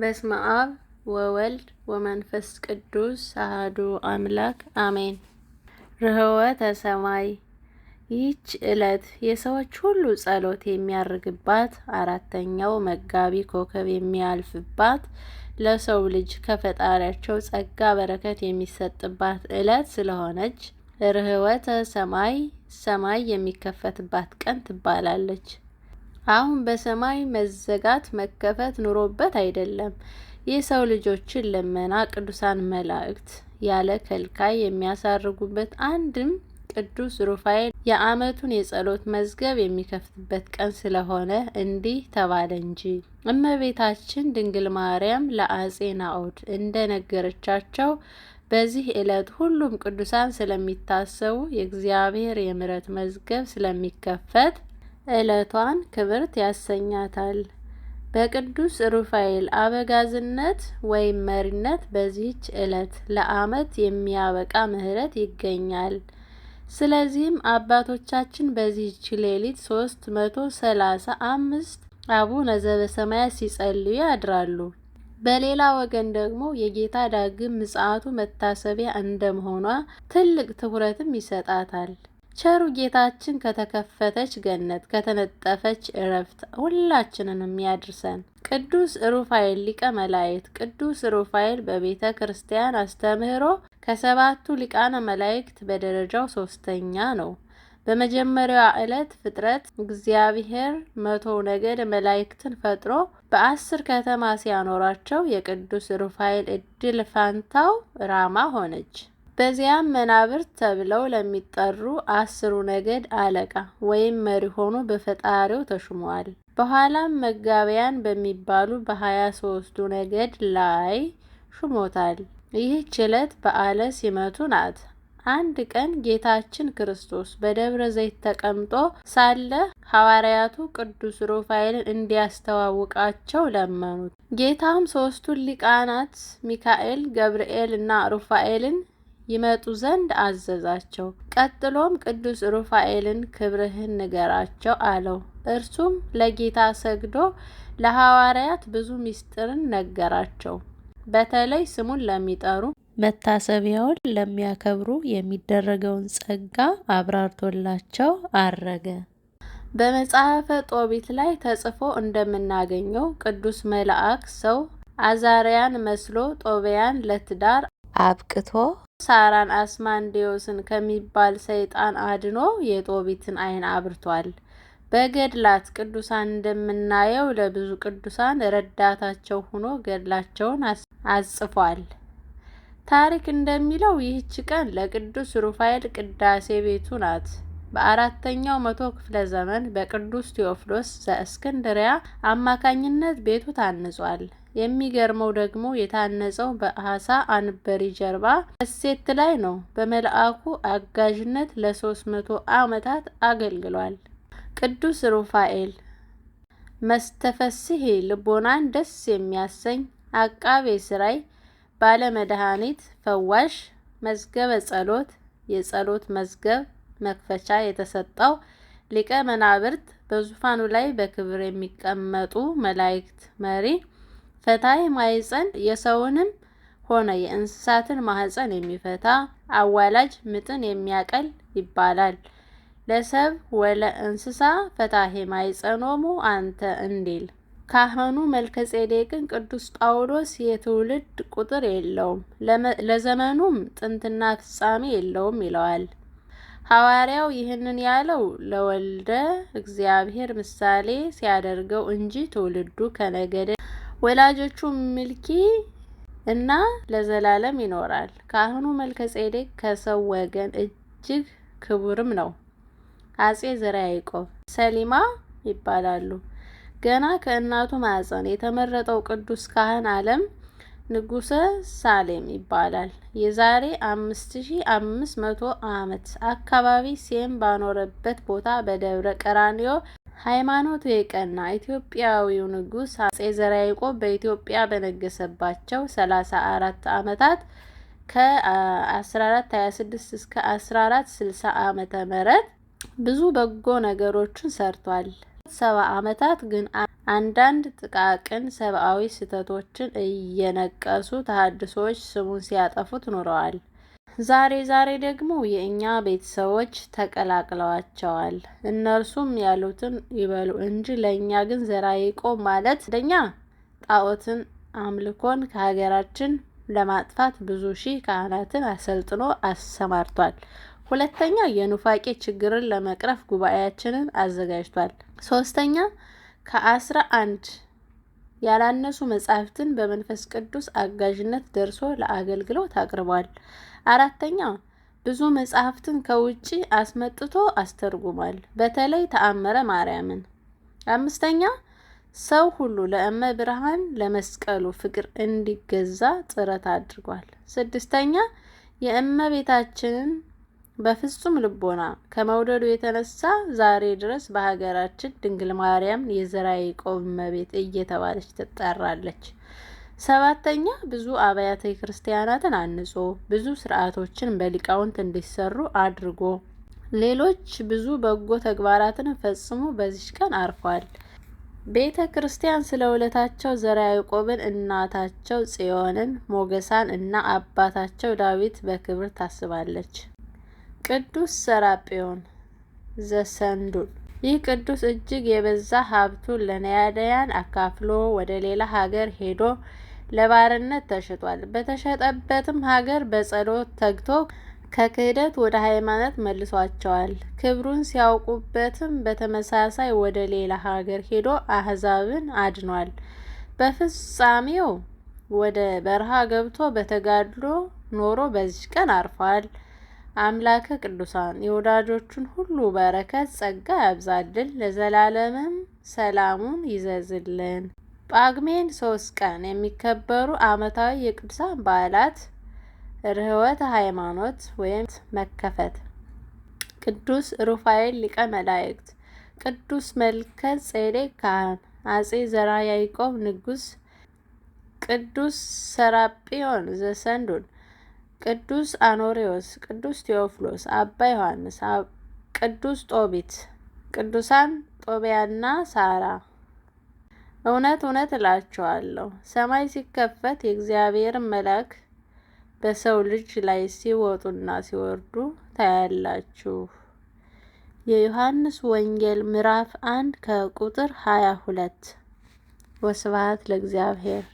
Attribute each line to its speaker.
Speaker 1: በስመ አብ ወወልድ ወመንፈስ ቅዱስ አህዱ አምላክ አሜን። ርህወተ ሰማይ ይህች ዕለት የሰዎች ሁሉ ጸሎት የሚያርግባት አራተኛው መጋቢ ኮከብ የሚያልፍባት ለሰው ልጅ ከፈጣሪያቸው ጸጋ በረከት የሚሰጥባት ዕለት ስለሆነች ርህወተ ሰማይ ሰማይ የሚከፈትባት ቀን ትባላለች። አሁን በሰማይ መዘጋት መከፈት ኑሮበት አይደለም፣ የሰው ልጆችን ልመና ቅዱሳን መላእክት ያለ ከልካይ የሚያሳርጉበት አንድም ቅዱስ ሩፋኤል የዓመቱን የጸሎት መዝገብ የሚከፍትበት ቀን ስለሆነ እንዲህ ተባለ እንጂ። እመቤታችን ድንግል ማርያም ለአጼ ናኦድ እንደነገረቻቸው በዚህ ዕለት ሁሉም ቅዱሳን ስለሚታሰቡ የእግዚአብሔር የምረት መዝገብ ስለሚከፈት ዕለቷን ክብርት ያሰኛታል። በቅዱስ ሩፋኤል አበጋዝነት ወይም መሪነት በዚህች ዕለት ለዓመት የሚያበቃ ምሕረት ይገኛል። ስለዚህም አባቶቻችን በዚህች ሌሊት ሶስት መቶ ሰላሳ አምስት አቡነ ዘበሰማያት ሲጸልዩ ያድራሉ። በሌላ ወገን ደግሞ የጌታ ዳግም ምጽአቱ መታሰቢያ እንደመሆኗ ትልቅ ትኩረትም ይሰጣታል። ቸሩ ጌታችን ከተከፈተች ገነት ከተነጠፈች እረፍት ሁላችንንም ያድርሰን። ቅዱስ ሩፋኤል ሊቀ መላእክት። ቅዱስ ሩፋኤል በቤተ ክርስቲያን አስተምህሮ ከሰባቱ ሊቃነ መላእክት በደረጃው ሶስተኛ ነው። በመጀመሪያዋ ዕለት ፍጥረት እግዚአብሔር መቶ ነገድ መላእክትን ፈጥሮ በአስር ከተማ ሲያኖራቸው የቅዱስ ሩፋኤል እድል ፋንታው ራማ ሆነች። በዚያም መናብርት ተብለው ለሚጠሩ አስሩ ነገድ አለቃ ወይም መሪ ሆኖ በፈጣሪው ተሹመዋል። በኋላም መጋቢያን በሚባሉ በሀያ ሶስቱ ነገድ ላይ ሹሞታል። ይህች ዕለት በዓለ ሲመቱ ናት። አንድ ቀን ጌታችን ክርስቶስ በደብረ ዘይት ተቀምጦ ሳለ ሐዋርያቱ ቅዱስ ሩፋኤልን እንዲያስተዋውቃቸው ለመኑት። ጌታም ሶስቱን ሊቃናት ሚካኤል፣ ገብርኤል እና ሩፋኤልን ይመጡ ዘንድ አዘዛቸው። ቀጥሎም ቅዱስ ሩፋኤልን ክብርህን ንገራቸው አለው። እርሱም ለጌታ ሰግዶ ለሐዋርያት ብዙ ምስጢርን ነገራቸው። በተለይ ስሙን ለሚጠሩ መታሰቢያውን ለሚያከብሩ የሚደረገውን ጸጋ አብራርቶላቸው አረገ። በመጽሐፈ ጦቢት ላይ ተጽፎ እንደምናገኘው ቅዱስ መልአክ ሰው አዛሪያን መስሎ ጦቢያን ለትዳር አብቅቶ ሳራን አስማንዴዎስን ከሚባል ሰይጣን አድኖ የጦቢትን አይን አብርቷል። በገድላት ቅዱሳን እንደምናየው ለብዙ ቅዱሳን ረዳታቸው ሆኖ ገድላቸውን አጽፏል። ታሪክ እንደሚለው ይህች ቀን ለቅዱስ ሩፋኤል ቅዳሴ ቤቱ ናት። በአራተኛው መቶ ክፍለ ዘመን በቅዱስ ቴዎፍሎስ ዘእስክንድሪያ አማካኝነት ቤቱ ታንጿል። የሚገርመው ደግሞ የታነጸው በአሳ አንበሪ ጀርባ እሴት ላይ ነው። በመልአኩ አጋዥነት ለሶስት መቶ ዓመታት አገልግሏል። ቅዱስ ሩፋኤል መስተፈስሄ ልቦናን ደስ የሚያሰኝ አቃቤ ስራይ ባለመድኃኒት ፈዋሽ መዝገበ ጸሎት የጸሎት መዝገብ መክፈቻ የተሰጠው ሊቀ መናብርት በዙፋኑ ላይ በክብር የሚቀመጡ መላእክት መሪ ፈታይ ማይፀን የሰውንም ሆነ የእንስሳትን ማህፀን የሚፈታ አዋላጅ ምጥን የሚያቀል ይባላል። ለሰብ ወለ እንስሳ ፈታሄ ማይፀኖሙ አንተ እንዲል ካህኑ መልከጼዴቅን ቅዱስ ጳውሎስ የትውልድ ቁጥር የለውም ለዘመኑም ጥንትና ፍጻሜ የለውም ይለዋል። ሐዋርያው ይህንን ያለው ለወልደ እግዚአብሔር ምሳሌ ሲያደርገው እንጂ ትውልዱ ከነገደ ወላጆቹ ምልኪ እና ለዘላለም ይኖራል። ካህኑ መልከ ጼዴቅ ከሰው ወገን እጅግ ክቡርም ነው። አጼ ዘርዓ ያዕቆብ ሰሊማ ይባላሉ። ገና ከእናቱ ማኅፀን የተመረጠው ቅዱስ ካህን ዓለም ንጉሰ ሳሌም ይባላል። የዛሬ አምስት ሺ አምስት መቶ ዓመት አካባቢ ሴም ባኖረበት ቦታ በደብረ ቀራንዮ ሃይማኖቱ የቀና ኢትዮጵያዊው ንጉስ አጼ ዘርዓ ያዕቆብ በኢትዮጵያ በነገሰባቸው ሰላሳ አራት አመታት ከ1426 እስከ 1460 ዓመተ ምህረት ብዙ በጎ ነገሮችን ሰርቷል። ሰባ ዓመታት ግን አንዳንድ ጥቃቅን ሰብአዊ ስህተቶችን እየነቀሱ ታድሶች ስሙን ሲያጠፉት ኑረዋል። ዛሬ ዛሬ ደግሞ የእኛ ቤተሰቦች ተቀላቅለዋቸዋል። እነርሱም ያሉትን ይበሉ እንጂ ለእኛ ግን ዘራ ይቆም ማለት አንደኛ ጣዖትን አምልኮን ከሀገራችን ለማጥፋት ብዙ ሺህ ካህናትን አሰልጥኖ አሰማርቷል። ሁለተኛ የኑፋቄ ችግርን ለመቅረፍ ጉባኤያችንን አዘጋጅቷል። ሶስተኛ ከአስራ አንድ ያላነሱ መጻሕፍትን በመንፈስ ቅዱስ አጋዥነት ደርሶ ለአገልግሎት አቅርቧል። አራተኛ ብዙ መጻሕፍትን ከውጪ አስመጥቶ አስተርጉሟል፣ በተለይ ተአምረ ማርያምን። አምስተኛ ሰው ሁሉ ለእመ ብርሃን ለመስቀሉ ፍቅር እንዲገዛ ጥረት አድርጓል። ስድስተኛ የእመቤታችንን በፍጹም ልቦና ከመውደዱ የተነሳ ዛሬ ድረስ በሀገራችን ድንግል ማርያም የዘራዊ ያዕቆብ እመቤት እየተባለች ትጠራለች። ሰባተኛ ብዙ አብያተ ክርስቲያናትን አንጾ ብዙ ስርዓቶችን በሊቃውንት እንዲሰሩ አድርጎ ሌሎች ብዙ በጎ ተግባራትን ፈጽሞ በዚች ቀን አርፏል። ቤተ ክርስቲያን ስለ ውለታቸው ዘራ ያዕቆብን እናታቸው ጽዮንን፣ ሞገሳን እና አባታቸው ዳዊት በክብር ታስባለች። ቅዱስ ሰራጴዮን ዘሰንዱን። ይህ ቅዱስ እጅግ የበዛ ሀብቱን ለነያዳያን አካፍሎ ወደ ሌላ ሀገር ሄዶ ለባርነት ተሽጧል። በተሸጠበትም ሀገር በጸሎት ተግቶ ከክህደት ወደ ሃይማኖት መልሷቸዋል። ክብሩን ሲያውቁበትም በተመሳሳይ ወደ ሌላ ሀገር ሄዶ አህዛብን አድኗል። በፍጻሜው ወደ በረሃ ገብቶ በተጋድሎ ኖሮ በዚህ ቀን አርፏል። አምላከ ቅዱሳን የወዳጆቹን ሁሉ በረከት ጸጋ ያብዛልን፣ ለዘላለምም ሰላሙን ይዘዝልን። ጳጉሜን ሶስት ቀን የሚከበሩ ዓመታዊ የቅዱሳን በዓላት ርህወተ ሃይማኖት ወይም መከፈት፣ ቅዱስ ሩፋኤል ሊቀ መላእክት፣ ቅዱስ መልከ ጼዴቅ ካህን፣ አጼ ዘራያይቆብ ያዕቆብ ንጉሥ፣ ቅዱስ ሰራጵዮን ዘሰንዱን ቅዱስ አኖሬዎስ፣ ቅዱስ ቴዎፍሎስ፣ አባ ዮሐንስ፣ ቅዱስ ጦቢት፣ ቅዱሳን ጦቢያና ሳራ። እውነት እውነት እላችኋለሁ ሰማይ ሲከፈት የእግዚአብሔርን መልአክ በሰው ልጅ ላይ ሲወጡና ሲወርዱ ታያላችሁ። የዮሐንስ ወንጌል ምዕራፍ አንድ ከቁጥር ሀያ ሁለት ወስብሐት ለእግዚአብሔር።